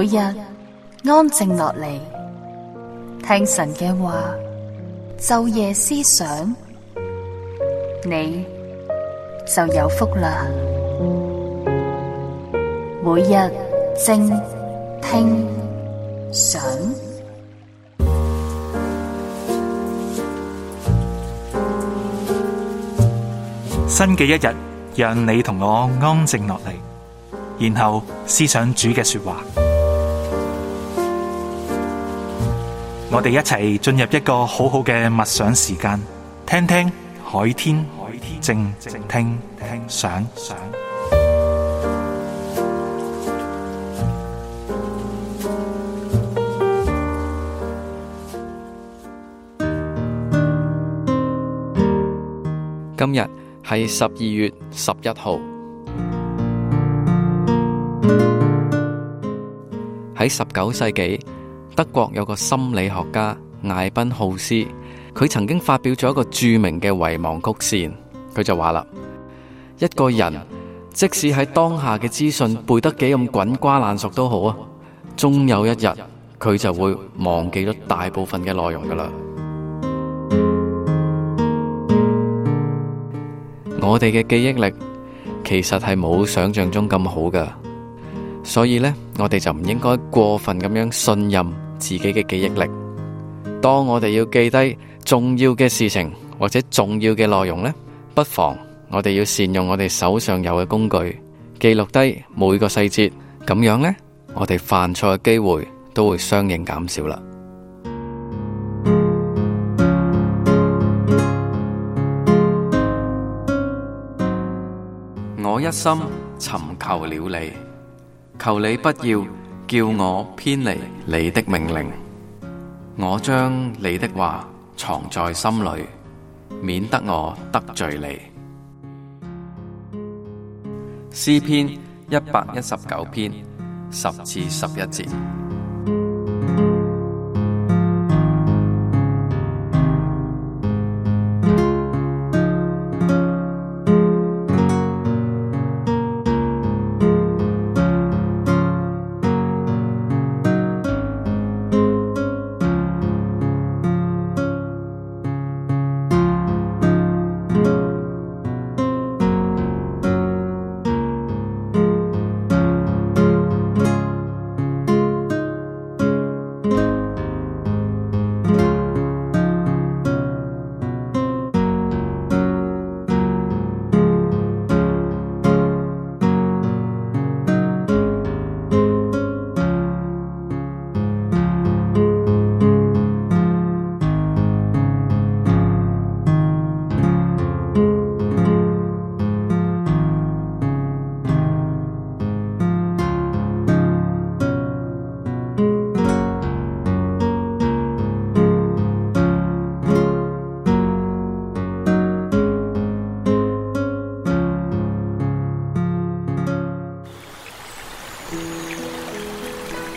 每日安靜落嚟，聽神嘅話，晝夜思想，你就有福啦。每日靜聽想，新嘅一日，讓你同我安靜落嚟，然後思想主嘅說話。我哋一齊進入一個好好嘅默想時間，聽聽海天靜聽想。今日係十二月十一號，喺十九世紀，德國有個心理學家艾賓浩斯，佢曾經發表咗一個著名嘅遺忘曲線。佢就話啦，一個人即使喺當下嘅資訊背得幾咁滾瓜爛熟都好啊，終有一日佢就會忘記咗大部分嘅內容噶啦。 我哋嘅記憶力其實係冇想象中咁好噶。所以呢，我哋就唔應該過分咁樣信任自己嘅記憶力。當我哋要記低重要嘅事情或者重要嘅內容呢，不妨我哋要善用我哋手上有嘅工具，記錄低每個細節，咁樣呢，我哋犯錯嘅機會都會相應減少啦。我一心尋求了你。求你不要叫我偏離你的命令，我將你的話藏在心裏，免得我得罪你。詩篇一百一十九篇十至十一節。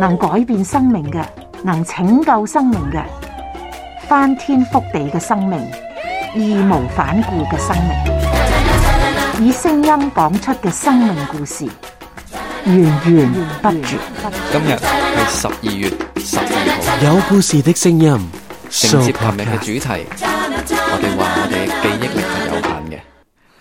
能改變生命嘅，能拯救生命嘅，翻天覆地嘅生命，義無反顧嘅生命，以聲音講出嘅生命故事，源源不絕。今日係十二月十一號，有故事的聲音承接今日嘅主題，我哋話我哋嘅記憶力係有。